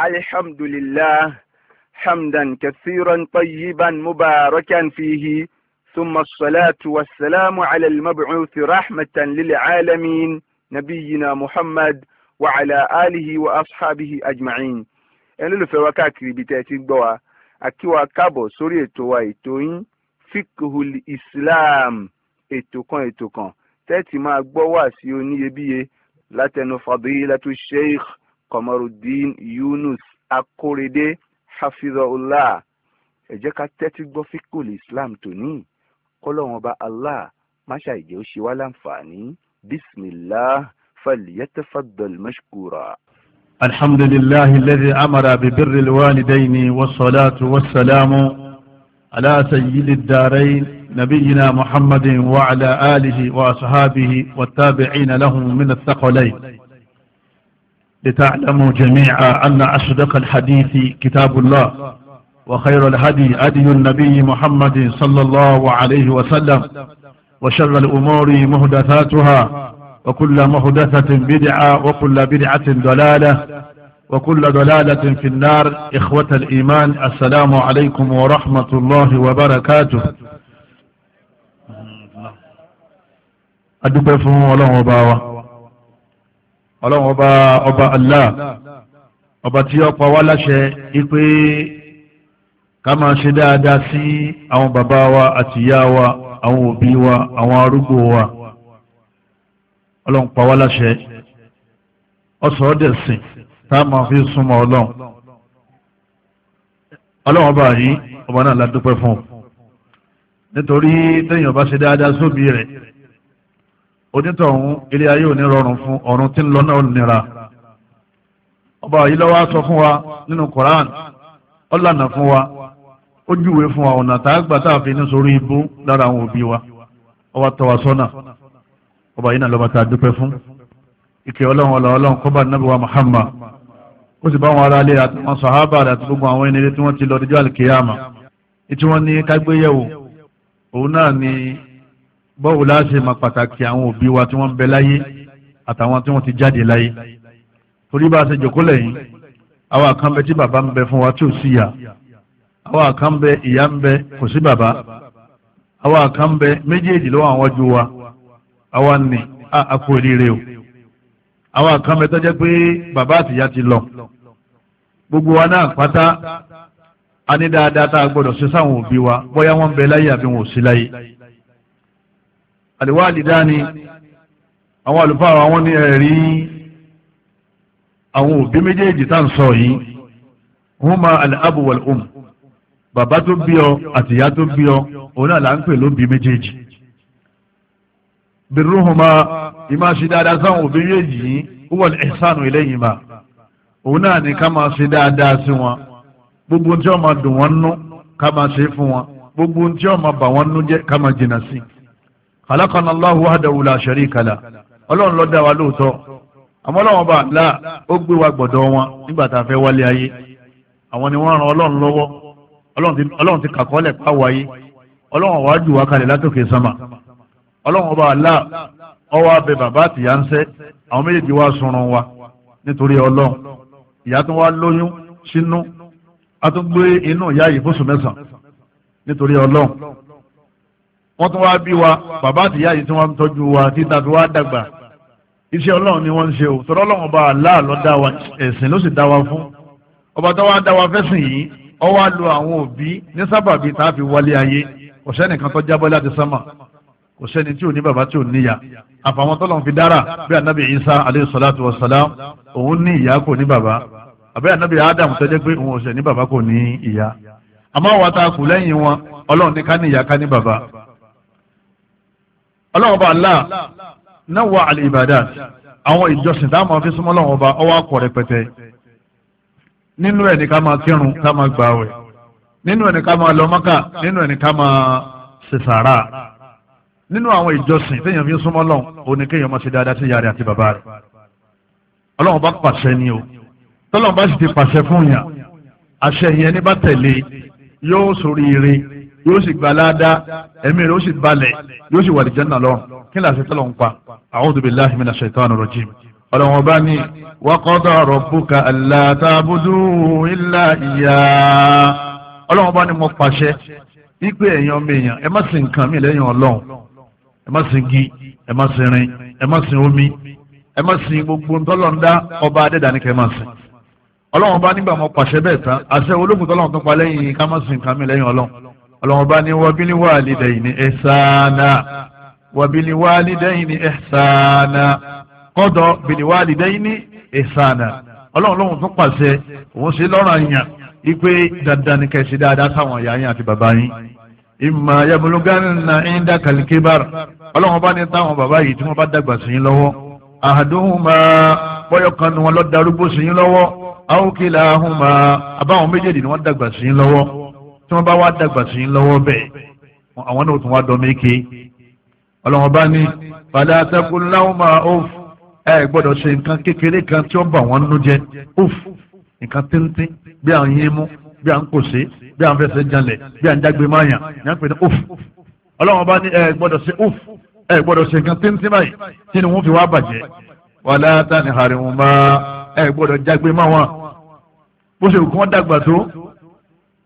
الحمد لله حمدا كثيرا طيبا مباركا فيه ثم الصلاة والسلام على المبعوث رحمة للعالمين نبينا محمد وعلى آله وأصحابه أجمعين ẹni lólùfẹ́ wa káàkiri ibi tẹ́ ẹ ti ń gbọ́ wa àkíwá káàbọ̀ sórí ètò wa ètò yín fikhul islam kan ètò kan tẹ́ẹ̀tì máa gbọ́ wá sí oníyebíye látẹnu fadilatu Kọmọrùdín Yunus Akórèdé hafizahullah ẹ jẹ́ ká tẹ́tí gbọ́ fíkùlì Islam tòní kọ́lọ́wọ́n bá Allah máṣá ìjẹ́ ó ṣe wá láǹfààní bismillah falyatafaddal mashkura. الحمد لله الذي أمر ببر الوالدين والصلاة والسلام على سيد الدارين نبينا محمد وعلى آله وأصحابه والتابعين لهم من الثقلين لتعلموا جميعا أن أصدق الحديث كتاب الله وخير الهدي هدي النبي محمد صلى الله عليه وسلم وشر الأمور مهدثاتها وكل مهدثة بدعة وكل بدعة ضلالة وكل ضلالة في النار إخوة الإيمان السلام عليكم ورحمة الله وبركاته أدوكم الله وبركاته ọlọ́run ọba ọba allah ọba tí ó pa wá láṣẹ wípé ká máa ṣe dáadáa sí àwọn bàbá wa àtìyá wa àwọn òbí wa àwọn arúgbó wa ọlọ́run pa wá láṣẹ ọ̀sọ̀ ọ̀dẹ̀sìn tá a máa fi súnmọ́ ọlọ́run ọlọ́run ọba yìí ọba náà la dúpẹ́ fún nítorí téèyàn bá ṣe dáadáa sóbí rẹ̀ onítọ̀ ọ̀hún ilé ayé ò ní rọrùn fún ọ̀run tí ń lọ náà nira ọba yìí lọ́wọ́ sọ fún wa nínú Quran ọ̀lànà fún wa ó júwe fún wa ọ̀nà tá a gbà tá a fi ní sórí ibú lára àwọn òbí wa ọba tọ́ sọ́nà ọba yìí náà lọ́ba tá a dúpẹ́ fún ìkẹ́ ọlọ́run ọlọ́ ọlọ́run kọ́ba nàbí wa Muhammad ó sì bá wọn ará ilé àtàwọn sàhábà àti gbogbo àwọn ẹni tí wọ́n ti lọ díjọ́ àlùkìyàmà ìtí wọ́n ní kágbéyẹ̀wò òun náà ni bọ́wọ́ láṣẹ ma pàtàkì àwọn òbí wa tí wọ́n ń bẹ láyé àtàwọn tí wọ́n ti jáde láyé torí bá a ṣe jòkó lẹ́yìn àwọn kan bẹ tí bàbá ń bẹ fún wa tí ò sí ìyá àwọn kan ìyá ń bẹ kò sí bàbá àwọn kan méjèèjì lọ́wọ́ àwọn ju wa àwa nì á kú oríire o àwọn kan tó jẹ́ pé bàbá àtìyá ti lọ gbogbo wa náà pátá a ní dáadáa tá a gbọ́dọ̀ ṣe sáwọn òbí wa bóyá wọ́n ń bẹ láyé àbí wọn ò sí láyé àlewálìdáni àwọn àlùfáà àwọn ní ẹ̀rí àwọn òbí méjèèjì tá ń sọ yìí huma al-abu wal-um bàbá tó bí ọ àtìyá tó bí ọ òun náà là ń pè lóbi méjèèjì birruhuma ìmáa ṣe dáadáa sáwọn òbí méjèèjì yìí huwa al-ihsanu ilayhima òun náà ni ká máa ṣe dáadáa sí wọn gbogbo tí wọn máa dùn wọn nú ká máa ṣe fún wọn gbogbo tí wọn máa bà wọn nú jẹ́ ká máa jìnnà sí i. خلقنا الله wahdahu la شريك له. ọlọ́run ló dá wa lóòótọ́ àmọ́ ọlọ́run bá là ó gbé wa gbọ̀dọ̀ wọn nígbà tá a fẹ́ wálé ayé àwọn ni wọ́n ran ọlọ́run lọ́wọ́ ọlọ́run ti kàkọ́lẹ̀ pàwọ́ ayé ọlọ́run wàá jù wá kalẹ̀ látòkè sánmà ọlọ́run bá là ọwọ́ abẹ bàbá àtìyá ń sẹ́ àwọn méjèèjì wá sunrun wa nítorí ọlọ́run ìyá tó wá lóyún sínú a tún gbé inú ìyá yìí fóṣù mẹ́sàn nítorí ọlọ́run wọ́n tún wá bí wa bàbá àti ìyá yìí tí wọ́n ń tọ́jú wa títa fi wá dàgbà iṣẹ́ ọlọ́run ni wọ́n ń ṣe o tọ́lọ́ ọlọ́run bá Allah ló dá wa ẹ̀sìn ló sì dá wa fún ọba tó wá dá wa fẹ́sìn yìí ó wá lo àwọn òbí ní sábàbí tá a fi wálé ayé kò sẹ́nìkan tó jábọ́ láti sánmà kò sẹ́ni tí ò ní bàbá tí ò níyà àfàwọn tọ́lọ́run fi dára bí anabi Isa alayhi salatu wa salam òun ní ìyá kò ní Adam tó jẹ́ pé òun ò sẹ́ ní bàbá kò ní ìyá àmọ́ wa ta ọlọ́run bá là náà wà àlè ìbàdàn àwọn ìjọsìn táwọn máa fi súnmọ́ ọlọ́run ọba ọwọ́ akọ̀ rẹpẹtẹ nínú ẹ̀ ní ká máa kírun ká máa gbààwẹ̀ nínú ẹ̀ ní ká máa lọ Mákà nínú ẹ̀ ní ká máa ṣe sàárà nínú àwọn ìjọsìn téèyàn fi súnmọ́ ọlọ́run òní kéèyàn máa ṣe dáadáa sí ìyá àti bàbá rẹ̀ ọlọ́run bá pàṣẹ ni o tọ́lọ́run bá sì ti pàṣẹ fún yàn àṣẹ yẹn ní bá tẹ̀lé yóò sórí ire yóò sì gba láàdá ẹ̀mí rẹ̀ ó sì balẹ̀ yóò sì wà lè jẹ́nà lọ kí làṣẹ tẹ́lọ̀ ń pa a'udhu billahi minash shaitani rajim ọlọ́wọ́n bá ní wa qada rabbuka alla ta'budu illa iya ọlọ́wọ́n bá ní mo pàṣẹ wípé ẹ̀yin ọmọ èèyàn ẹ má sin nǹkan mi lẹ́yìn ọlọ́run ẹ má sin gi ẹ má sin rin ẹ má sin omi ẹ má sin gbogbo ntọ́lọ́ndá ọba adẹ́dà ní ọlọ́wọ́n bá nígbà mo pàṣẹ bẹ́ẹ̀ tán àṣẹ olókùn tọ́lọ́run tó pa lẹ́yìn ká má sin nǹkan mi lẹ́yìn ọlọ́run ọlọ́wọ́n bá ní wabili walidayni ihsana wabili walidayni ihsana kọ́dọ̀ bili walidayni ihsana ọlọ́run lóhun tún pàṣẹ òun sí lọ́rọ̀ àyàn ipe dandan ni kẹ̀sí dáadáa sáwọn ìyá yín àti bàbá yín ìmọ̀ ayabuluganna inda kalikibar ọlọ́run bá ní táwọn bàbá yìí tí wọ́n bá dàgbà sí yín lọ́wọ́ ahaduhuma bọ́yọ̀ kan ni darúgbó sí yín lọ́wọ́ aw kilahuma àbáwọn méjèèjì ni wọ́n dàgbà sí yín lọ́wọ́ tí wọ́n bá wá dàgbà sí lọ́wọ́ bẹ́ẹ̀ àwọn náà tún wá dọ́ méke ọlọ́wọ́n bá ní padà atẹ́kùn láwọn máa óf ẹ gbọ́dọ̀ ṣe nǹkan kékeré kan tí ó bà wọ́n nú jẹ óf nǹkan tíntín bí à ń yín mú bí à ń kòsè bí à ń fẹsẹ̀ janlẹ̀ bí à ń jágbe máyàn ní à ń pè ní óf ọlọ́wọ́n bá ní ẹ gbọ́dọ̀ ṣe óf ẹ gbọ́dọ̀ ṣe nǹkan tíntín báyìí tí ni wọ́n fi wá bàjẹ́ wàlá tani harimu máa ẹ gbọ́dọ̀ jágbe máwọn bó ṣe kún dàgbà tó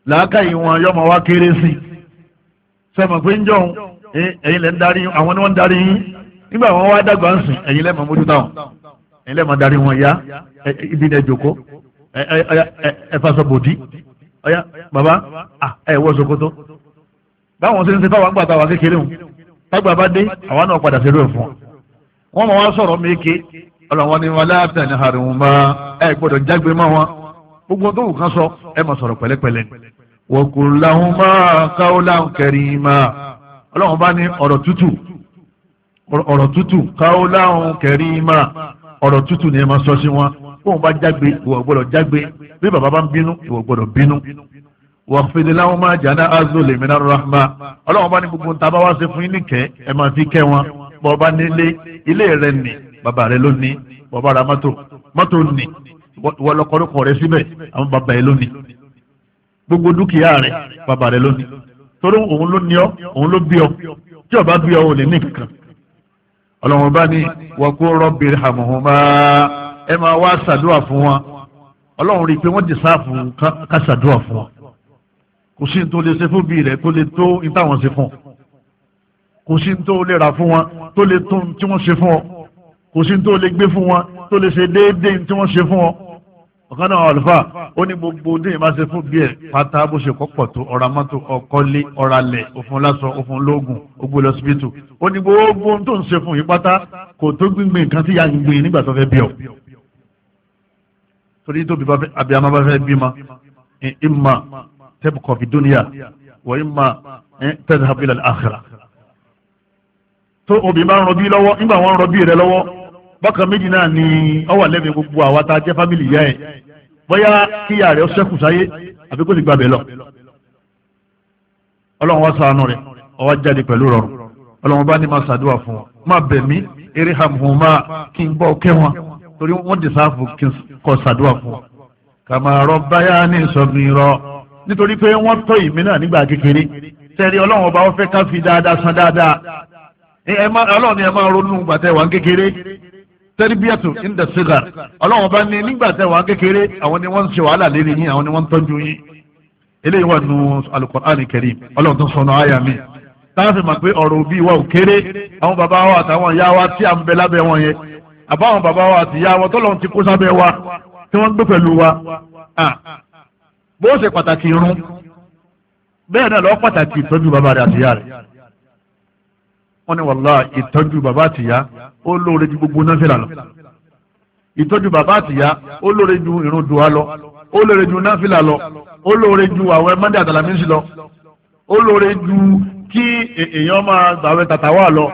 làákàyè wọn yọmọ wá kéré sí i sọmọ pé ń jọun ẹ̀yin lẹ́ ń darí àwọn ni wọ́n ń darí yín nígbà wọn wá dàgbà ń sìn ẹ̀yin lẹ́mọ̀ mójú táwọn ẹ̀yin lẹ́mọ̀ darí wọn yá ibi ní ẹjọ́kọ́ ẹ̀fàṣọ bòdì ọ̀yá bàbá ẹ̀ wọ ṣòkòtò báwọn ṣe ń ṣe fáwọn àgbà táwọn kékeré wọn tágbà bá dé àwọn náà padà ṣerú ẹ̀ fún wọn wọn mọ wá sọ̀rọ̀ méke ọlọ́wọ́n ni wọn láàfin àníhàrùn máa ẹ̀ gbọ́dọ̀ jágbe máa wọn gbogbo tó wù kán sọ ẹ mọ̀ sọ̀rọ̀ pẹ̀lẹ́pẹ̀lẹ́ ni. وقل لهما قولا كريما ọlọ́run bá ní ọ̀rọ̀ tútù ọ̀rọ̀ tútù قولا كريما ọ̀rọ̀ tútù ni ẹ máa sọ sí wọn bóun bá jágbe ìwọ gbọ́dọ̀ jágbe bí bàbá bá ń bínú ìwọ gbọ́dọ̀ bínú واخفض لهما جناح الذل من الرحمة ọlọ́run bá ní gbogbo ntaba wá sí fún yín nìkẹ́ ẹ máa fi kẹ́ wọn bọ́ọ̀ nílé ilé rẹ nì bàbá rẹ ló ní ra mọ́tò mọ́tò nì wọ́n rẹ síbẹ̀ àwọn bàbá yẹn ló gbogbo dúkìá rẹ̀ bàbá rẹ̀ lónìí torí òun ló ní ọ òun ló bí ọ tí ọba bí ọ ò lè ní kankan ọlọ́run bá ní wọ́kú rọ́bì hàmùhùmá ẹ máa wá ṣàdúrà fún wọn ọlọ́run rí i pé wọ́n ti sáàfù ká ṣàdúrà fún wọn kò sí tó lè ṣe fún bí rẹ̀ tó lè tó ìtàwọn ṣe fún kò sí tó lè rà fún wọn tó lè tó tí wọ́n ṣe fún ọ kò sí tó lè gbé fún wọn tó lè ṣe déédéé tí wọ́n ṣe fún ọ ọ̀kan náà ọ̀lùfà ó ní gbogbo ohun tí yìí máa ṣe fún bí ẹ̀ pátá bó ṣe kọ́pọ̀ tó ọ̀rá mọ́tò ọ̀kọ́lé ọ̀ralẹ̀ òfun lásán òfun lóògùn ògbó lọ́sibítù ó ní gbogbo ohun tó ń ṣe fún yìí pátá kò tó gbìngbìn nǹkan tí ya ń gbìn nígbà tó fẹ́ bí ọ. torí tó bí abiyamọ bá fẹ́ bímọ ìmà tẹ́bù kọfí dúníyà wọ ìmà tẹ́tàbílẹ̀ àkàrà tó obì máa ń rọbí lọ́wọ́ nígbà wọn rọbí rẹ lọ́wọ́ bákan méjì náà ni ọ wà lẹ́mìí gbogbo àwa tá a jẹ́ fámìlì yá ẹ̀ bóyá kíyà rẹ̀ ṣẹ́kù sáyé àbí kó sì gbàbẹ̀ lọ ọlọ́run wá sànù rẹ̀ ọwọ́ jáde pẹ̀lú rọrùn ọlọ́run bá ní máa ṣàdúrà fún wọn máa bẹ̀ mí eré hàmùhùn máa kí n bọ́ kẹ́ wọn torí wọ́n dì sáàfù kí n kọ́ ṣàdúrà fún wọn kàmàrọ̀ báyà ní ìsọ̀mìrọ̀ nítorí pé wọ́n tọ́ ìmí náà nígbà kékeré tẹ̀lé ọlọ́run ọba wọn fẹ́ ká fi dáadáa san dáadáa ọlọ́run ni ẹ máa ronú gbàtẹ́ kékeré tẹ́rìbíyàtù ìndà sígà ọlọ́run bá ní nígbà tẹ́ wàá kékeré àwọn ni wọ́n ń ṣe wàhálà lérí yín àwọn ni wọ́n ń tọ́jú yín eléyìí wà nù alukur'an karim ọlọ́run tó sọnù àyà mi táwọn fi mọ̀ pé ọ̀rọ̀ òbí wa ò kéré àwọn bàbá wa àtàwọn ìyá wa tí à ń bẹ lábẹ́ wọn yẹn àbáwọn bàbá wa àti ìyá wa tọ́lọ́run ti kó sábẹ́ wa tí wọ́n ń gbé pẹ̀lú wa bó ṣe pàtàkì irun bẹ́ẹ̀ náà lọ́ pàtàkì ìtọ́jú bàbá rẹ̀ àti ìyá rẹ̀ wọ́n ní wàlá ìtọ́jú bàbá àtìyá ó lóore ju gbogbo náfìlà lọ ìtọ́jú bàbá àtìyá ó lóore ju ìrun dùá lọ ó lóore ju náfìlà lọ ó lóore ju àwẹ̀ mọ́ndé àtàlámísì lọ ó lóore ju kí e-, èèyàn máa gbàwẹ̀ tàtàwà lọ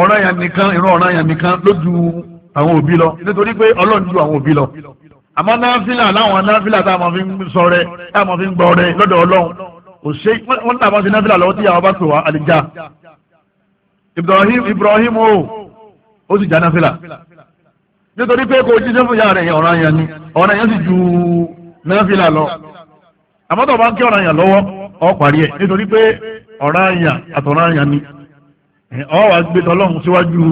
ọ̀ranyàn nìkan ìrun ọ̀ranyàn nìkan ló ju àwọn òbí lọ nítorí pé ọlọ́run ju àwọn òbí lọ àmọ́ náfìlà láwọn náfìlà táwọn fi ń sọ rẹ táwọn fi ń gbọ́ rẹ lọ́dọ̀ ọlọ́run òṣè wọ́n tàbá sí náfìlà lọ́wọ́ tí àwọn bá pè wá àlìjá Ibrahim Ibrahim o ó sì já náfìlà nítorí pé kò jíjẹ́ fún ìyá rẹ̀ ọ̀ràn yẹn ni ọ̀ràn yẹn sì ju náfìlà lọ àmọ́ tó bá ń kí ọ̀ràn yẹn lọ́wọ́ ọ parí ẹ̀ nítorí pé ọ̀ràn yẹn àtọ̀ràn yẹn ni ọ wà gbé tọ́lọ́hún síwájú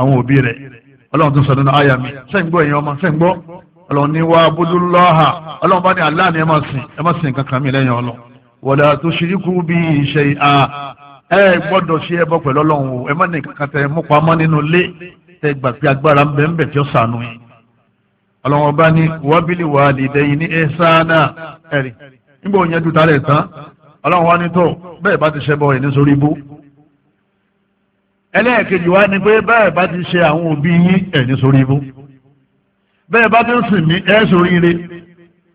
àwọn òbí rẹ̀ ọlọ́run tó sọdún náà àyà mi sẹ́ǹgbọ́ ẹ̀yin ọmọ sẹ́ǹgbọ́ ọlọ́run ní wàá bójú ọlọ́run bá ní aláàánú ẹ má sìn ẹ má sìn kankan mi lẹ́yìn ọlọ́run wala tushriku bihi shay'a ẹ gbọ́dọ̀ ṣe ẹbọ pẹ̀lú ọlọ́run o ẹ má ní kankan tẹ mú pamọ́ nínú ilé tẹ gbà pé agbára ń bẹ ń bẹ tí ó sànù yìí ọlọ́run ọba ní wabili walidayni ihsana ẹ̀rì nígbà òun yẹn dùtà rẹ̀ tán ọlọ́run wa ní tó bẹ́ẹ̀ bá ti ṣẹbọ ẹ̀ ní sórí ibú ẹlẹ́ẹ̀kejì wa ni pé bẹ́ẹ̀ bá ti ṣe àwọn òbí yín ẹ̀ sórí ibú bẹ́ẹ̀ bá ti ń sìn mí ẹ̀ sórí ire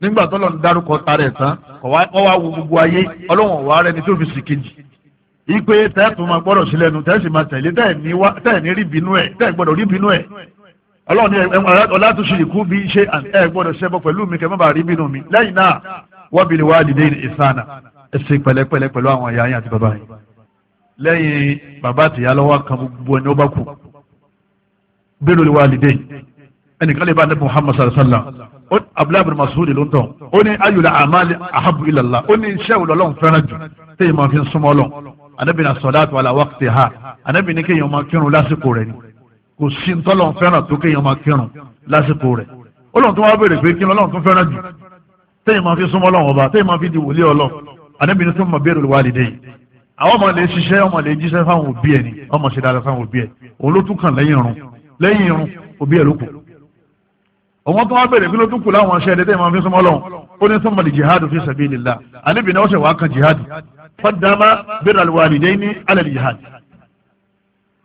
nígbà tó lọ́n darúkọ tarẹ̀ tán kọ́ wá wo gbogbo ayé ọlọ́wọ̀n wà rẹ ni tó fi sì kejì ipe tẹ́ẹ̀tún máa gbọ́dọ̀ sí lẹ́nu tẹ́ẹ̀sì máa tẹ̀lé tẹ́ẹ̀ní rí bínú ẹ̀ tẹ́ẹ̀ gbọ́dọ̀ rí bínú ẹ̀ ọlọ́ọ̀ni ọ̀làtúnṣe ìkú bí ṣe ẹ̀ gbọ́dọ̀ ṣẹbọ pẹ̀lú mi kẹ́ má bàa rí bínú mi lẹ́yìn náà wọ́n bí ni wàá dìde ìsànà ẹsẹ̀ pẹ̀lẹ́pẹ̀lẹ́ pẹ̀lú àwọn ìyá àti bàbá yín lẹ́yìn bàbá àtìyá lọ́wọ́ kan gbogbo ẹni ó bá kú bínú ni wàá dìde ẹnìkan lè bá Muhammad sallallahu abdullahi bin masoud ló ń tọ̀ ó ní ayọ̀lẹ̀ amali ahabu ilàlá ó ní iṣẹ́ òlọ́lọ́n fẹ́ràn jù téyì máa fi ń súnmọ́ lọ anabi na sọdáàtì wàlà wákìtì ha anabi ní kéèyàn máa kírun lásìkò rẹ̀ ni kò sí ń tọ́lọ́n fẹ́ràn tó kéèyàn máa kírun lásìkò rẹ̀ ó lóun tó wá béèrè pé kí lọ́lọ́n tó fẹ́ràn jù téyì máa fi súnmọ́ lọ́wọ́ ọba téyì máa fi di wòlíì ọlọ́ anabi ní tó máa béèrè wàlídé yìí àwọn ọmọ lè ṣiṣẹ́ ọmọ lè jíṣẹ́ fáwọn òbí ẹ̀ ni ọmọ ṣe dáadáa fáwọn òbí ẹ̀ òun ló tún kàn lẹ́yìn irun lẹ́yìn irun òbí ẹ̀ ló kù òun tó wá bèrè kí ló tún kù láwọn aṣẹ ẹdẹdẹ máa fi súnmọ́ lọ́wọ́ ó ní súnmọ́ lè jihad fi sabilillah àlébi náà ó ṣe wàá kan jihad fọdàmà bẹrẹ alwalidaini ala jihad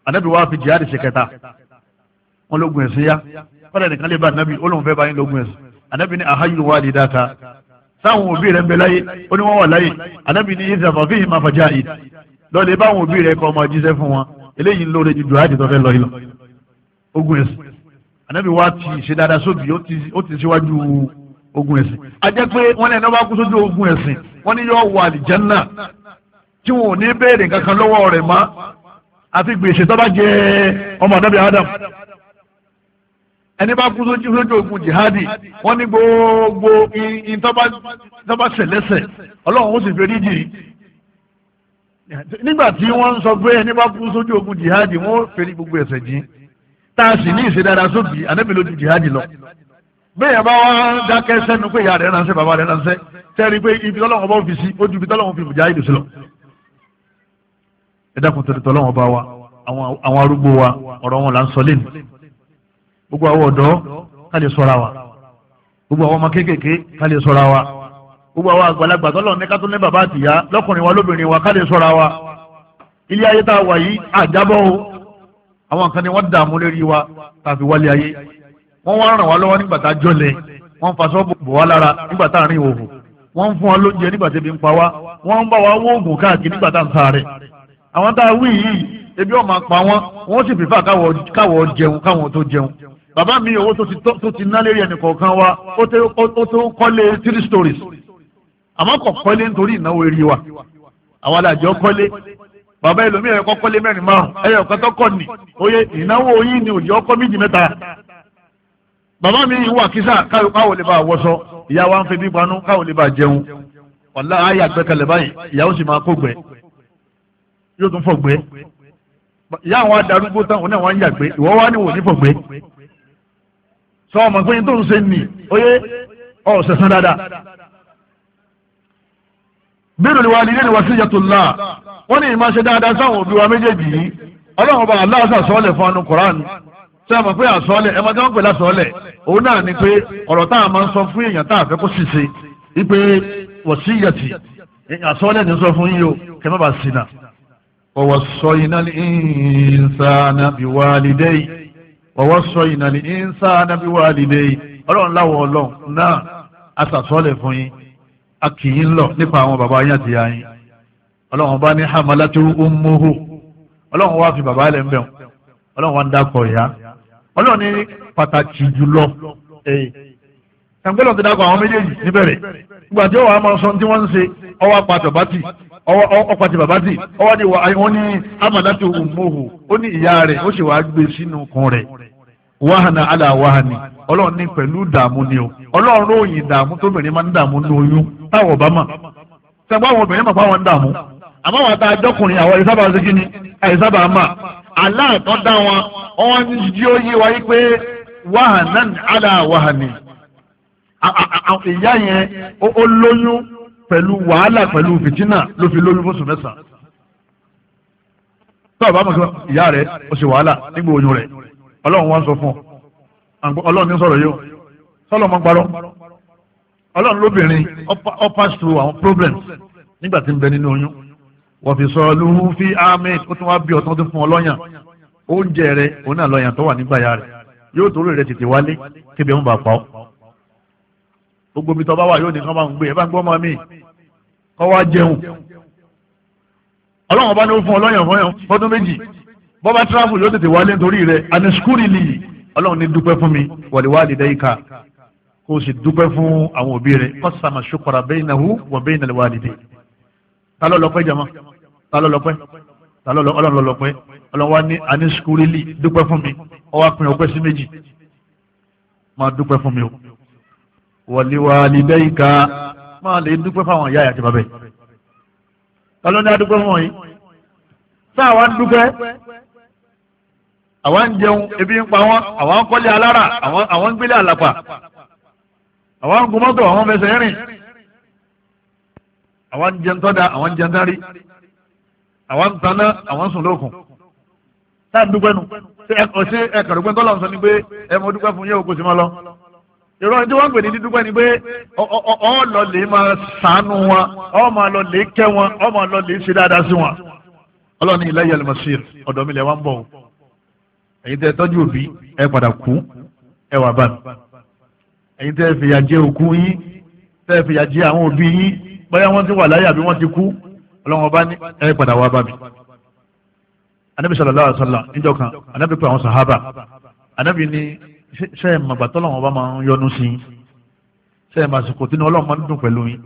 àlébi wàá fi jihad ṣe kẹta wọn lógun ẹ̀sìn yá fọdà nìkan lè ba ànábì ó lóun fẹ́ bá yín lógun ẹ̀sìn ànábì ní ahayul walidata sáwọn òbí rẹ̀ ń bẹ láyé ó ní wọ́n wà láyé ànábì ní yíṣẹ́ àfàfihì ànábì wa ti ṣe dáadáa sóbì ó ti ṣíwájú ogun ẹ̀sìn a jẹ́ pé wọ́n ní ẹni wọ́n bá kú sójú ogun ẹ̀sìn wọ́n ní yóò wọ àlìjánná tí wọn ò ní béèrè kankan lọ́wọ́ rẹ̀ mọ́ àti gbèsè tó bá jẹ ọmọ ànábì Adam ẹni bá kú sójú sójú ogun jihadi wọ́n ní gbogbo in tó bá ṣẹlẹ́sẹ̀ ọlọ́run ó sì fi ríjì nígbà tí wọ́n ń sọ pé ẹni bá kú sójú ogun jihadi wọ́n fèrè gbogbo ẹ̀ṣẹ̀ jìn tá a sì ní ìṣẹ̀dára sóbì ànábì lójú jihadi lọ bẹ́ẹ̀ yẹn bá wá dákẹ́ sẹ́nu pé ìyá rẹ̀ ránṣẹ́ bàbá rẹ̀ ránṣẹ́ tẹ́rí pé ibi tọ́lọ́wọ́n bá fi sí ó ju ibi tọ́lọ́wọ́n fi mùjáhìdì sí lọ. ẹ dákun tẹ̀lé tọ́lọ́wọ́n bá wa àwọn arúgbó wa ọ̀rọ̀ wọn là ń sọ lẹ́nu gbogbo àwọn ọ̀dọ́ ká lè sọ́ra wa gbogbo àwọn ọmọ kéékèèké ká lè sọ́ra wa gbogbo àwọn àgbàlagbà tọ́lọ́wọ́n àwọn kan ni wọ́n dààmú lérí wa tàbí wálé ayé wọ́n wá ràn wá lọ́wọ́ nígbà tá a jọlẹ̀ wọ́n ń faṣọ bò wá lára nígbà tá a rìn òhù wọ́n ń fún wa lóúnjẹ nígbà tẹ́bi ń pa wá wọ́n ń bá wa wó oògùn káàkiri nígbà tá a ń ta rẹ̀ àwọn tá a wí yìí ebi ọmọ pa wọn wọn sì fìfà káwọ jẹun káwọn tó jẹun bàbá mi owó tó ti ná lérí ẹnì wa ó tó kọ́lé three stories àmọ́ kọ̀ kọ́lé nítorí ìnáwó eré wa àwọn alájọ kọ́lé bàbá ẹlòmí ẹ̀ kọ́kọ́ lé mẹ́rin márùn ẹ̀yẹ ọ̀kan tó kọ̀ ní oyè ìnáwó yín ni òjì ọkọ méjì mẹ́ta bàbá mi wà kísà káwọ lè bá wọṣọ ìyá wa ń fi bíbanú káwọ lè bá jẹun wàlá ayé àgbẹ̀kalẹ̀ báyìí ìyàwó sì máa kó gbẹ yóò tún fọ̀ gbẹ ìyá àwọn adarúgbó táwọn náà wọ́n ń yàgbé ìwọ wá ní wò ní fọ̀ gbẹ sọ ọmọ pé tó ń ṣe nì oyè ọ̀ sẹ̀sán bírò ni wàá lílé ni wàá sí yàtúlá wọ́n ní se dáadáa sáwọn òbí wa méjèèjì yìí ọlọ́run ọba aláàzà sọ́ọ̀lẹ̀ fún anu koran ṣé àmọ́ pé àsọ́ọ̀lẹ̀ ẹ máa dáhùn òun náà ni pé ọ̀rọ̀ tá máa ń sọ fún èèyàn tá fẹ́ kó sì ṣe wípé wọ́n sí yàtì àsọ́ọ̀lẹ̀ sọ fún o má bàa ṣìnà. ọwọ́ sọ a kì í lọ nípa àwọn bàbá yín àti ìyá ọlọ́run bá ní hamalatu ummuhu ọlọ́run wá fi bàbá ilẹ̀ ń bẹ̀ ọlọ́run wá ń dákọ̀ ìyá ọlọ́run ní pàtàkì jùlọ ẹ̀ǹgbẹ́lọ̀ ti dákọ̀ àwọn méjèèjì níbẹ̀rẹ̀ ìgbà tí ó wàá máa sọ tí wọ́n ń ṣe ọwọ́ apàtọ̀ bá tì ọkọ̀ ti bàbá tì ọwọ́ ni wọ́n ní hamalatu ummuhu ó ní ìyá rẹ̀ ó sì wàá gbé sínú kun rẹ̀ wàhánà ala wàhánì ọlọ́run ní pẹ̀lú dààmú ni o ọlọ́run ròyìn dààmú tóbìnrin máa ń dààmú ní oyún táwọn ọba mà sẹ́gbọ́n àwọn obìnrin mọ̀ fáwọn ń dààmú àmọ́ àwọn àtà àjọkùnrin àwọn àìsábà ṣe kíni àìsábà mà aláàtọ́ dá wọn wọn jí ó yé wáyé pé wàhánà àlà wàhánì ìyá yẹn ó lóyún wàhálà fìtínà ló fi lóyún mọ̀ ìyá rẹ ó ṣe wàhálà nígbà oyún ọlọ́run wọn sọ fún ọlọ́run ní sọ̀rọ̀ yóò sọ́lọ́ mọ́ parọ́ ọlọ́run lóbìnrin ó pass through àwọn problems nígbà tí ń bẹ nínú oyún wọ́n fi sọ lóhùn fi ahmed ó tún wá bí ọ̀tún tó fún ọ lọ́yàn oúnjẹ rẹ òun náà lọ́yàn tó wà nígbà ya rẹ yóò tó rẹ̀ tètè wálé kébi ọ̀hún bá pa ọ́ gbogbo ibi tó bá wà yóò ní kán bá ń gbé ẹ bá ń gbọ́ ọmọ mi kọ́ wá jẹun ọlọ́run ọba ni ó fún ọ lọ́yàn fọ́dún méjì bọ́bá tíráfù ló tètè wálé nítorí rẹ̀ àní skúrì lì ọlọ́run ní dúpẹ́ fún mi wàlíwàlì dẹ́yìká kó o sì dúpẹ́ fún àwọn òbí rẹ̀ kọ́sàmà ṣokòrà bẹ́yìn náà hu wọ bẹ́yìn náà wàlídé ta ló lọ́pẹ́ jama ta ló lọ́pẹ́ ta ló ọlọ́run lọ́pẹ́ ọlọ́run wá ní àní skúrì lì dúpẹ́ fún mi ọ wá pin ọpẹ́ sí méjì máa dúpẹ́ fún mi o wàlíwàlì dẹ́yìká máa lè dúpẹ́ fáwọn ìyá àti bàbá yìí ta ló ní adúpẹ́ fún wọn yìí àwọn ń jẹun ebi ń pa wọn àwọn ń kọ́lé alára àwọn ń gbélé àlàpà àwọn ń gun mọ́tò àwọn ń fẹsẹ̀ rìn àwọn ń jẹun tọ́da àwọn ń jẹun dárí àwọn ń taná àwọn ń sùn lókun táà dúpẹ́ nu ṣé ẹ̀kọ́ dúpẹ́ tọ́lọ̀ ń sọ ni pé ẹ mọ dúpẹ́ fún yẹ́ òkú sí mọ́ lọ. ìrọ̀ tí wọ́n ń pè ní dídúpẹ́ ni pé ọ lọ lè máa sànú wọn ọ máa lọ lè kẹ́ wọn ọ máa lọ lè ṣe dáadáa sí wọn. ọlọ́run ẹ̀yin tẹ́ tọ́jú òbí ẹ padà kú ẹ wà bá mi ẹ̀yin tẹ́ fìyà jẹ òkú yín tẹ́ fìyà jẹ àwọn òbí yín bóyá wọ́n ti wà láyé àbí wọ́n ti kú ọlọ́wọ́n bá ní ẹ padà wá bá mi. anabi sallallahu alaihi wasallam níjọ́ kan anabi pe àwọn sahaba anabi ni ṣe é màgbà bá máa ń yọnu sí i ṣe màsìkò tí ni ọlọ́wọ́n máa ń dùn pẹ̀lú yín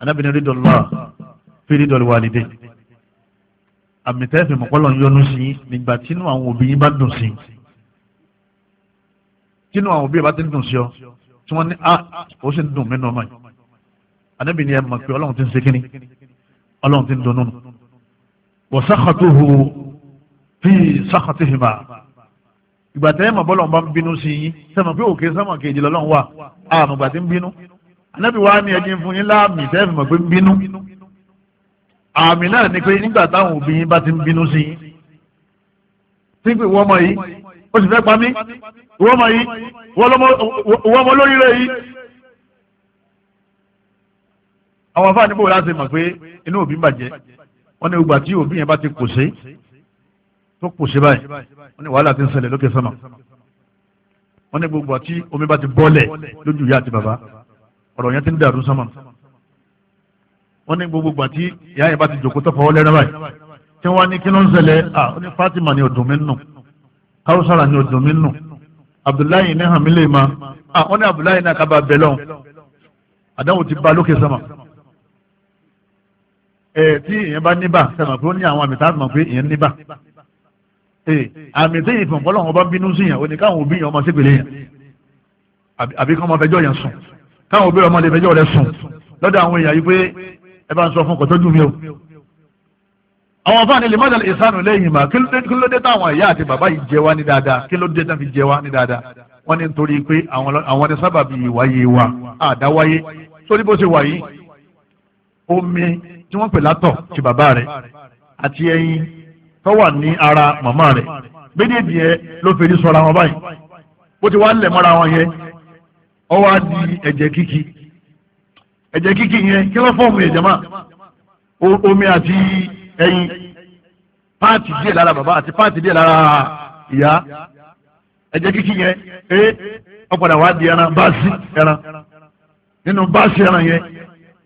anabi ni rídọ̀lá fi rídọ̀lá wàlídé àmì tẹ́ẹ̀fì mọ̀pọ́lọ̀ ń yọnu sí nígbà tínú àwọn òbí yín bá dùn sí tínú àwọn òbí yẹn bá ti dùn sí ọ tí wọ́n ní a ah, ó sì ń dùn mí nọ́ọ̀mà yìí ànábì ni ẹ mọ̀ pé ọlọ́run ti ń ṣe kínní ọlọ́run ti ń dunnú nù wọ́n sákàtúhù fi sákàtúhìmà ìgbà tẹ́ẹ̀ mọ̀ bọ́lọ̀ bá ń bínú sí yín sẹ́mọ̀ pé òkè sẹ́mọ̀ kejì lọ́lọ́run wà àmọ̀gbà ti ń bínú ànábì wa ni ẹ̀jẹ̀ fún yín láàmì tẹ́ẹ̀fì àmì náà ni pé nígbà táwọn òbí yín bá ti ń bínú sí yín tí pé wọ́n mọ̀ yìí ó sì fẹ́ pa mí wọ́n mọ̀ yìí wọ́n mọ̀ lórí rẹ̀ yìí. àwọn afáàní bò láti mọ̀ pé inú òbí ń bàjẹ́ wọ́n ní ìgbà tí òbí yẹn bá ti kò sí tó kò sí báyìí wọ́n ní wàhálà ti ń ṣẹlẹ̀ lókè sọ́mà wọ́n ní gbogbo àti omi bá ti bọ́lẹ̀ lójú ìyá àti bàbá ọ̀rọ̀ yẹn ti ń dàrú sọ́mà wọ́n ní gbogbo ìgbà tí ìyá yẹn bá ti jòkó tó fọwọ́ lẹ́rẹ́ báyìí tí wọ́n ní kí ló ń ṣẹlẹ̀ à ó ní Fatima ní ọdún mi nù Kausara ní ọdún mi nù Abdullahi ní hàn mí lè ma à wọ́n ní Abdullahi náà kábà bẹ̀ lọ́hùn àdáwò ti ba lókè sọ́mà ẹ̀ tí ìyẹn bá níbà sẹ́mà pé ó ní àwọn àmì tá a mọ̀ pé ìyẹn níbà àmì tí ìfọ̀n fọlọ́ wọn bá bínú sí yàn òní káwọn òbí yàn ọmọ sí pèlè yàn àbí kọ́ ọmọ fẹjọ́ yàn sùn káwọn òbí ọmọ lè fẹjọ́ rẹ sùn lọ́dọ̀ àwọn èèyàn yìí pé ẹ bá ń sọ fún kò tọ́jú mi o àwọn fáwọn ilé mọ́tàlá ìsánù lẹ́yìn mà kí ló dé táwọn ìyá àti bàbá yìí jẹ wá ní dáadáa kí ló dé táwọn fi jẹ wá ní dáadáa wọ́n ní nítorí pé àwọn ní sábàbí ìwáyé wa àdáwáyé torí bó ṣe wà yìí omi tí wọ́n pè látọ̀ ti bàbá rẹ̀ àti ẹyin tó wà ní ara màmá rẹ̀ méjèèjì yẹn ló fi rí sọ́ra wọn báyìí bó ti wá lẹ̀ mọ́ra wọn yẹn ó wá di ẹ̀jẹ̀ kíkì ẹ̀jẹ̀ kíkì yẹn kí ló fọ́ọ̀mù yẹn jama omi àti ẹyin páàtì díẹ̀ lára bàbá àti páàtì díẹ̀ lára ìyá ẹ̀jẹ̀ kíkì yẹn ẹ ọ̀padà wá di ẹran báàsì ẹran nínú báàsì ẹran yẹn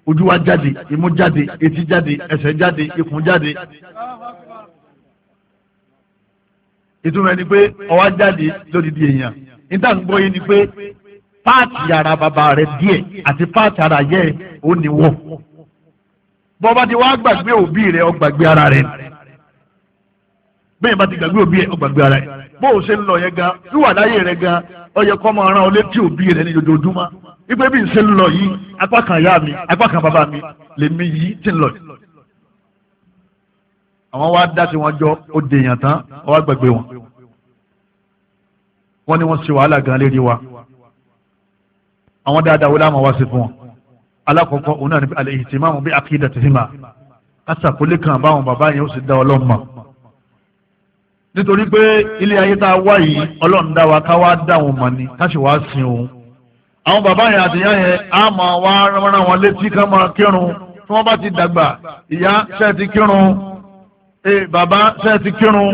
ojú wa jáde imú jáde etí jáde ẹsẹ̀ jáde ikùn jáde ìtumọ̀ ẹni pé ọwá jáde lódìdí èèyàn níta ń gbọ́ yé ni pé páàtì ara bàbá rẹ díẹ̀ àti páàtì ara yẹ ó ní wọ bọba ti wá gbàgbé òbí rẹ ó gbàgbé ara rẹ bẹ́ẹ̀ bá ti gbàgbé òbí rẹ ó gbàgbé ara rẹ bó o ṣe ń lọ yẹn gan wíwà láyé rẹ gan ó yẹ kó máa rán ọ létí òbí rẹ ní dojoojúmọ́ wípé bí n ṣe ń lọ yìí apá kan ìyá mi apá kan bàbá mi lèmi yìí ti ń lọ yìí àwọn wá dá sí wọn jọ ó dèèyàn tán ó wá gbàgbé wọn wọn ni wọn ṣe wàhálà gan lérí wa àwọn dáadáa wọlé àmọ́ wá sí fún wọn alákọ̀ọ́kọ́ òun náà ní al-ihtimam bí akídà ti hìmà kásàkólé kan báwọn bàbá yẹn ó sì dá ọlọ́run mọ̀ nítorí pé ilé ayé tá a wá yìí ọlọ́run dá wa ká wá dá wọn mọ̀ ni ká sì wá sin òun àwọn bàbá yẹn àtìyá yẹn á mọ̀ wá rán wọn létí ká máa kírun tí wọ́n bá ti dàgbà ìyá ṣe ti kírun eh, bàbá ṣe ti kírun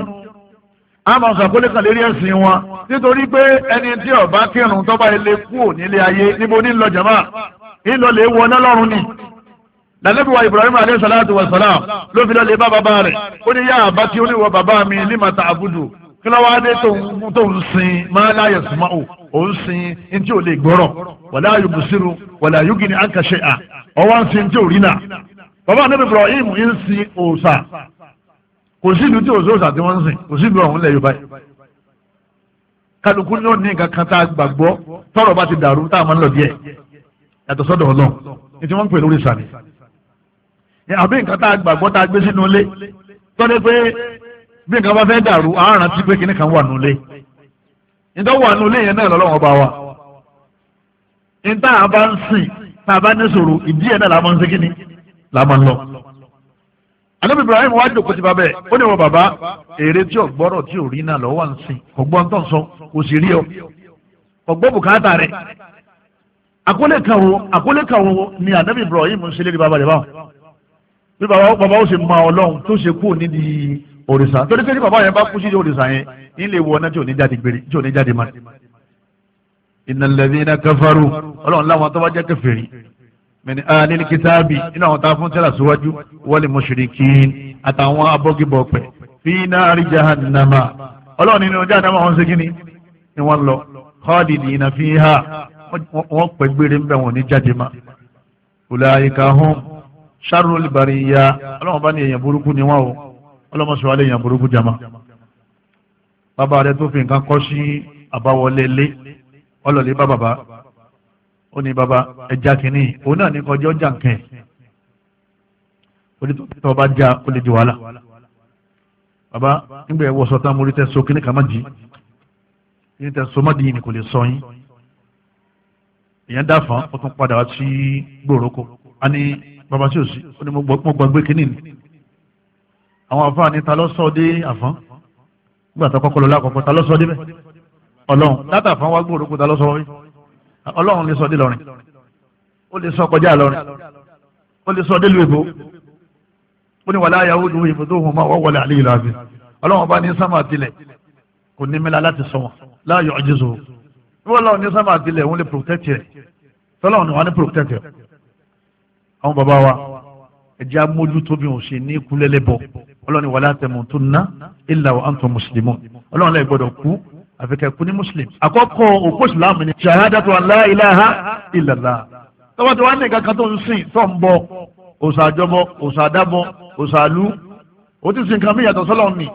a máa sàkólé kan lérí ẹ̀sìn wọn nítorí pé ẹni tí ọba kírun tọ́ba ilé kúò nílé ayé níbo ní lọ jàmá ìlọlẹ̀ wọná lọ́rùn ni lànàbí wa Ibrahim alayhi salatu wa salam ló fi lọlẹ̀ bá bàbá rẹ̀ ó ní yá àbá tí ó ní wọ bàbá mi lima ta abudu kí lọ́wọ́ adé tó ń sin máa la yasma'u ó ń sin in ò lè gbọ́rọ̀ wala yubsiru wala yugni anka shay'a ọwọ́ ń sin tí ò rí náà bàbá kò sí ìlú tí òṣòwò sàtí wọ́n ń sìn kò sí ìlú ọ̀hún lẹ̀ yorùbá yìí kálukú ní ó ní nǹkan kan tá a gbàgbọ́ tọ́rọ̀ bá ti dàrú tá a máa ń lọ díẹ̀ yàtọ̀ sọ́dọ̀ Ọlọ́run ní tí wọ́n ń pè lórí sàmì àbí nǹkan tá a gbàgbọ́ tá a gbé sínú ilé tọ́lé pé bí nǹkan bá fẹ́ dàrú àárán tí pé kinní kan wà nulẹ̀ nítorí wà nulẹ̀ yẹn náà lọ́lọ́wọ́ bá wa níta àbá ń sìn tá a bá ní sòrò ìdí anabi ibrahim wá jòkó ti bàbá ẹ ó ní wọn bàbá èrè tí ọgbọrọ tí ò rí náà lọ́wọ́ ń sìn ọgbọ́n tó ń sọ kò sì rí ọ ọgbọ́n bùkátà rẹ àkọlé kan wo àkọlé ni anabi ibrahim ń ṣẹlẹ̀ ní bàbá rẹ báwọn bí bàbá bàbá ó ṣe ma ọlọ́run tó ṣe kú nídìí òrìṣà torí pé ní bàbá yẹn bá kú sí òrìṣà yẹn ń lè wọ náà tí ò ní jáde gbére tí ò ní jáde má. innal ladhina kafaru ọlọ́run láwọn tó bá jẹ́ kèfèrí mẹni alili kitaabi iná àwọn tá a fún tẹ́lá síwájú wọ́n lè mushrikin àtàwọn abọ́gibọ̀pẹ̀ fi nari jahannama ọlọ́run nínú jahannama wọn ṣe kíni ni lọ fiha gbére wọn jáde ma bá ní èèyàn burúkú ni o ọlọ́run sọ èèyàn burúkú jama bàbá rẹ tó fi nǹkan kọ́ sí àbáwọlé lé bá ó ní bàbá ẹja kìíní òun náà ní kọjọ́ jà nkẹ́ onítọ̀ bá já ó lè di wàhálà bàbá nígbà ẹ̀wọ̀ sọ́tàn mórí tẹ́ so kíní kàmá jì kíní tẹ́ so má dì ní kò lè sọ yín èèyàn dáfàn ó tún padà wá sí gbòòrókò a ní bàbá tí ò sí ó ní mo gbàgbé kíní ni àwọn àfáà ní ta ló sọ dé àfán nígbà tó kọ́kọ́ lọ lákọ̀ọ́kọ́ ta ló sọ dé bẹ́ẹ̀ ọlọ́run látàfán wá gbòòrókò ta ló sọ wọ́n yìí ọlọ́run lè sọ dé lọ́rin ó lè sọ kọjá lọ́rin ó lè sọ dé lu èbó ó ní wàlá ayáwó ju ibùdó ohun máa wọ́wọ́lé àlè ìlú àbí ọlọ́run bá ní sámà tilẹ̀ kò ní mẹ́la láti sọ wọn láàyò ọ̀jísọ wọ́n lọ́run ní sámà tilẹ̀ òun lè protect rẹ̀ tọ́lọ́run ni wọ́n ní protect rẹ̀ àwọn bàbá wa ẹ̀jẹ̀ amójútó bí ṣe ní ikú lẹ́lẹ́bọ̀ ọlọ́run ni wàlá tẹ̀mọ̀tún ná ìlà àfikẹ́kù ní muslim àkọ́kọ́ òpó ìsìláàmù ni ṣàhádàtò aláìláha ìlàlá tọ́wọ́ tí wọ́n ní kankan tó ń sìn tó ń bọ òsàjọbọ òsàdàbọ òsàlú ó ti sin nǹkan bí yàtọ̀ sọ́lọ́ mi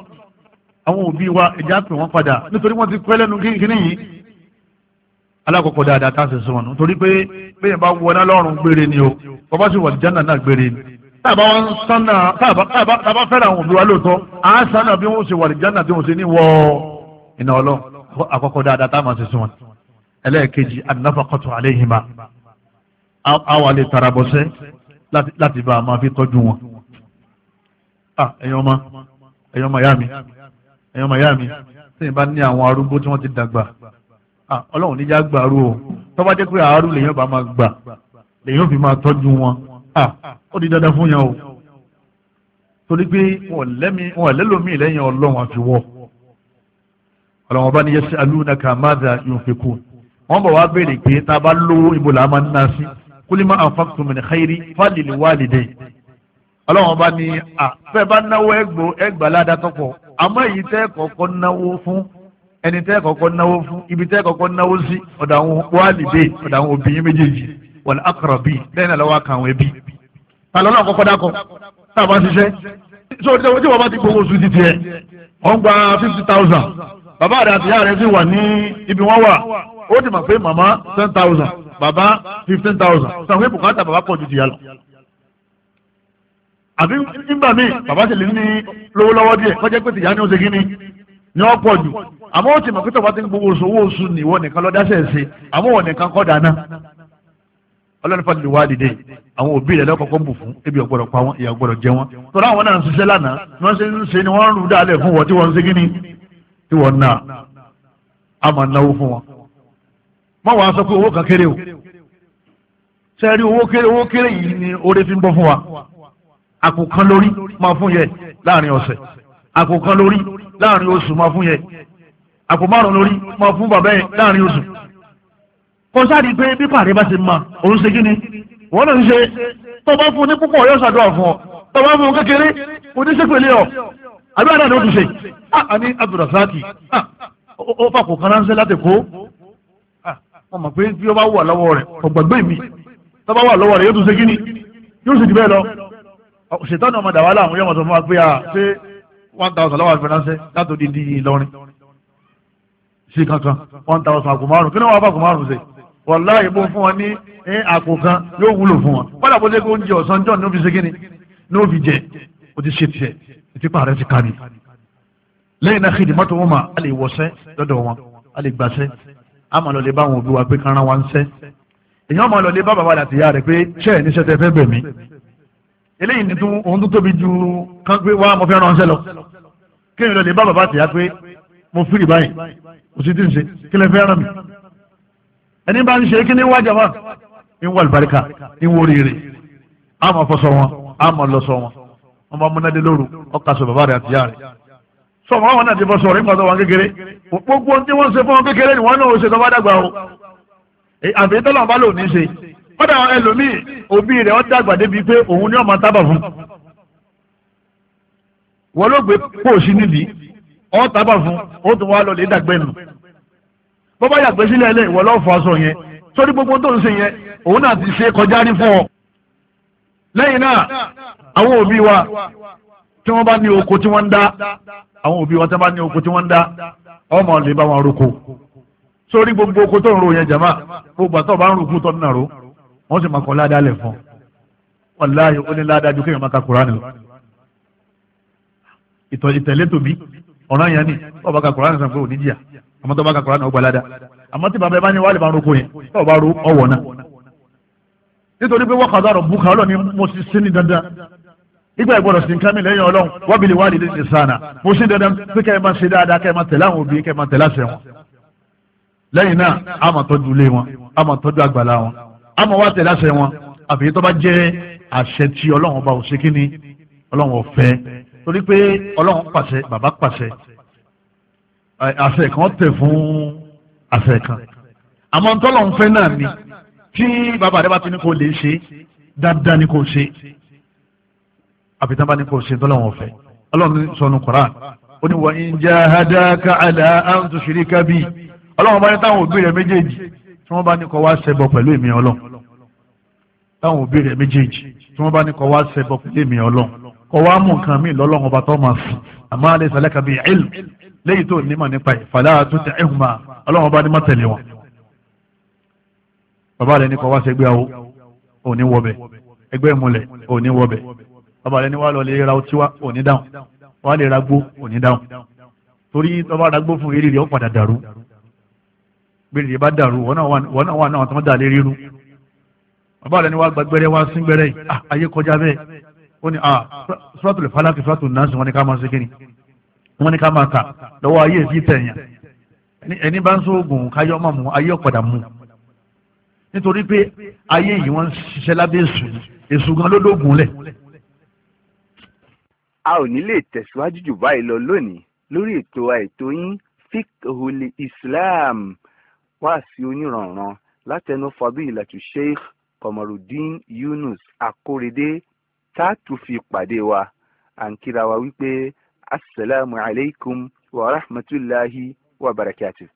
àwọn òbí wa ẹja pè wọ́n padà nítorí wọ́n ti pẹ́ lẹ́nu kínkínní yìí alákọ̀ọ́kọ́ dáadáa tá a sì sọ̀rọ̀ nítorí pé bẹ́ẹ̀ bá wọná lọ́rùn gbére ni o bàbá sì wà ní jánà náà gbére ni wọ iná ọlọ́run àkọ́kọ́ dáadáa tá a máa ṣe sí wọn ẹlẹ́ẹ̀kejì anáfàkọ́tù àléhìmá àwa lè tara bọ́sẹ́ láti bá a máa fi tọ́jú wọn. ẹ̀yin ọmọ ẹ̀yin ọmọ ìyá mi ẹ̀yin ọmọ ìyá mi sẹ́yìn bá ní àwọn arúgbó tí wọ́n ti dàgbà ọlọ́run níjà gbàrú o tọ́ba jẹ́ pé àárú lèyìn ọba máa gbà lèyìn òfin máa tọ́jú wọn ó di dandan fún yẹn o torí pé wọn lẹ́lòmíì lẹ́yìn ọlọ́run àfiwọ́ ọlọ́wọ́n bá ní yẹ́sẹ̀ alúnaka máza yunfikun wọ́n bọ̀ wá béèrè pé tá a bá lówó ibo là máa ń ná sí kúlímọ̀ àǹfààní min xayiri fálìlì wálìdẹ́ ọlọ́wọ́n bá ní à fẹ́ bá náwó ẹgbò ẹgbàládà tọ́pọ̀ àmọ́ èyí tẹ́ kọ́kọ́ náwó fún ẹni tẹ́ kọ́kọ́ náwó fún ibi tẹ́ kọ́kọ́ náwó sí ọ̀dọ̀ àwọn wálìdẹ́ ọ̀dọ̀ àwọn òbí méjèèjì wal lẹ́yìn náà lọ́wọ́ ẹbí tàlọ́lọ́ bàbá rẹ̀ àti ìyá rẹ̀ sì wà ní ibi wọ́n wà ó ti mọ̀ pé màmá ten thousand bàbá fifteen thousand sọ pé bùkátà bàbá pọ̀ ju tìyá lọ. àbí nígbà míì bàbá sì lè ní lówó lọ́wọ́ díẹ̀ kọjá pé tìyá ni ó ṣe kí ni ni wọ́n pọ̀ jù àmọ́ ó ti mọ̀ pé tọ́ba ti ń gbowó oṣù owó oṣù ni ìwọ nìkan lọ́dáṣẹ̀ ṣe àmọ́ ìwọ nìkan kọ́ dáná ọlọ́run fàdí wá dìde àwọn òbí rẹ̀ lọ́kọ̀ọ́kọ́ bù fún ebi ọ̀gbọ́dọ̀ pa wọn ìyà ọ̀gbọ́dọ̀ jẹ wọn tọ́lá àwọn náà ń ṣiṣẹ́ lánàá ni wọ́n ṣe ń ṣe ni wọ́n ń rú dáalẹ̀ fún wọn tí wọ́n ń ṣe kí ni tí wọ́n náà a máa náwó fún wọn má wàá sọ pé owó kan kéré o sẹ́ẹ̀rí owó kéré owó kéré yìí ni oore fi ń bọ́ fún wa àpò kan lórí máa fún yẹ láàrin ọ̀sẹ̀ àpò kan lórí láàrin oṣù máa fún yẹ àpò márùn lórí máa fún bàbá yẹn láàrin oṣù kọsáàdì pé bí pàdé bá ti ma òun ṣe kíni wọn náà ń ṣe tó bá fún ní púpọ̀ yóò ṣàdúrà fún ọ tó bá fún kékeré oníṣẹ́pẹ̀lẹ́ ọ àbí àdá ni ó tún ṣe ah, a ní abdulrasaki ah, ó fà kó kánánṣẹ́ láti kó ah, wọ́n mọ̀ pé bí ó bá wà lọ́wọ́ rẹ̀ ọ̀gbàgbé mi tó bá wà lọ́wọ́ rẹ̀ yóò tún ṣe kí ni yóò sì jù bẹ́ẹ̀ lọ ṣètọ́nù ọmọdé àwọn aláwọ̀ yóò mọ̀ sọ fún wa pé a ṣe one thousand lọ́wọ́ àfẹnáṣẹ́ láti odi di Ìlọrin sí kankan one thousand àpò márùn kí ni wọ́n á fàkó márùn ṣe wàláyé bó fún wọn ní eh, àpò kan yóò wúlò fún wọn wọ́n dàbọ̀ lé o ti ṣe tiẹ̀ ìtìpá rẹ ti kárí lẹ́yìn náà kìdí mọ́tò wọn ma a lè wọṣẹ́ wọn a lè gbàṣẹ́ a máa lọ lè wa pé kán rán wa ń ṣẹ́ èèyàn máa lọ lè bá bàbá àti ìyá rẹ̀ pé ṣẹ́ ẹ̀ níṣẹ́ tẹ fẹ́ bẹ̀ mí eléyìí ni òun tó tóbi ju kán pé wá mo fẹ́ ránṣẹ́ lọ kéèyàn lọ lè bá bàbá àti ìyá pé mo fìrì báyìí kò sí tí ń ṣe kí lẹ ràn mí ẹni bá ń ṣe kí ni wájà wa ń wà lùbáríkà ń wò rírì a máa wọn a máa wọn wọn bá múnádé lóru ọkà sọ bàbá rẹ̀ àti yá rẹ̀ sọ wọn wọn náà ti bọ́ sọ̀rọ̀ nípa wọn kékeré gbogbo ohun tí wọ́n ṣe fún wọn kékeré ni wọ́n náà ó ṣe tó bá dàgbà o àbí tọ́lọ̀ bá lò ní ṣe kódà ẹlòmíì òbí rẹ̀ ó dàgbà débi pé òun ni ọmọ tábà fún wọ́n ló gbé póòsì nídìí ọ́ tábà fún ó tún wá lọ dàgbẹ́ nù bọ́bá yàgbẹ́ ẹlẹ́ ìwọ fọ aṣọ yẹn sórí gbogbo tó ń ṣe yẹn òun náà ti ṣe kọjá rí fún ọ lẹ́yìn náà àwọn òbí wa tí wọ́n bá ní oko tí wọ́n ń dá àwọn òbí wa tí wọ́n bá ní oko tí wọ́n ń dá ọmọ lè bá wọn roko sórí gbogbo oko tó ń ro yẹn jàmá gbogbo àtọ́ bá ń rúkú tó ń nàró wọ́n sì máa kọ́ ládàá lẹ̀ fún wàláyé ó ní ládàá ju kéèyàn máa ka kúránì lọ ìtọ̀ ìtẹ̀lé tòbí ọ̀ràn yẹn ni ọba ka kúránì sàn pé ò àmọ́ tó bá ka kúránì ó gba ládàá àmọ́ tí bàbá ẹ bá ní wàhálì bá ń roko yẹn tó bá ro ọwọ́ náà nítorí pé wọ́kàtà rọ̀ bùkà ọlọ́ni mo ti sí ní dandan nígbà ìgbọ́dọ̀ sí nǹkan mi lẹ́yìn ọlọ́run wọ́n bìlì wá lílé nìsànà mo sí dandan pé kẹ́ ẹ máa ṣe dáadáa kẹ́ ẹ máa tẹ̀lé àwọn òbí kẹ́ ẹ máa tẹ̀lé àṣẹ wọn lẹ́yìn náà a máa tọ́jú ilé wọn a máa tọ́jú àgbàlá wọn a máa wá tẹ̀lé àṣẹ wọn àfi tó bá jẹ́ àṣẹ tí ọlọ́run ọba ò ṣe kí ni ọlọ́run ọ̀fẹ́ torí pé ọlọ́run pàṣẹ bàbá pàṣẹ àṣẹ fẹ́ náà ni tí bàbá rẹ bá ti ní kò lè ṣe dáadáa ní kò ṣe àfitán bá ní kò ṣe tọ́lọ́wọ́n fẹ́ ọlọ́run sọnù koran ó ní wọ́n ń jẹ́ àdáka àlà an tushrika bí ọlọ́run bá ní táwọn òbí rẹ méjèèjì tí wọ́n bá ní kọ́ wá ṣẹbọ pẹ̀lú èmi ọlọ́run táwọn òbí rẹ méjèèjì tí wọ́n bá ní kọ́ wá ṣẹbọ pẹ̀lú èmi ọlọ́run kọ́ wá mú nǹkan míì lọ́lọ́run ọba tó máa fi àmọ́ àlẹ́ ìsàlẹ̀ kàbí ilm léyìí tó ní bàbá rẹ̀ ní kọ́ wá sẹ́gbẹ́ àwọ̀ òní wọ̀bẹ̀ ẹgbẹ́ ìmúlẹ̀ òní wọ̀bẹ̀ bàbá rẹ̀ ní wà lọ lè ra ọtí wá òní dáhùn wà lè ra gbó òní dáhùn torí bàbá ra gbó fún eré rẹ̀ ó padà dàrú bèrè rẹ̀ bá dàrú wọ́n náà wà náà tó ń dà lé ríru bàbá rẹ̀ ní wà gbàgbẹ́rẹ́ wá sí gbẹ́rẹ́ yìí ah, ayé kọjá bẹ́ẹ̀ ó ní ah, suratul falaki suratul nas wọ́n ní ká máa ṣe Ni wọ́n ní ká máa kà lọ́wọ́ ayé ìfi tẹ̀yàn ẹni bá ń sóògùn káyọ́ máa mú ayé ọ̀padà mú nítorí pé ayé yìí wọ́n ń ṣiṣẹ́ lábẹ́ èṣù èṣù gan ló dógun lẹ̀. a ò ní lè tẹ̀síwájú jù báyìí lọ lónìí lórí ètò àìtó yín fikhuli islam wá sí onírànran látẹnu fadilatu sheikh kọmọrùdín yunus akórèdé tá a tún fi pàdé wa à ń kíra wa wípé asalaamualeykum wa rahmatulahi wa barakatuh.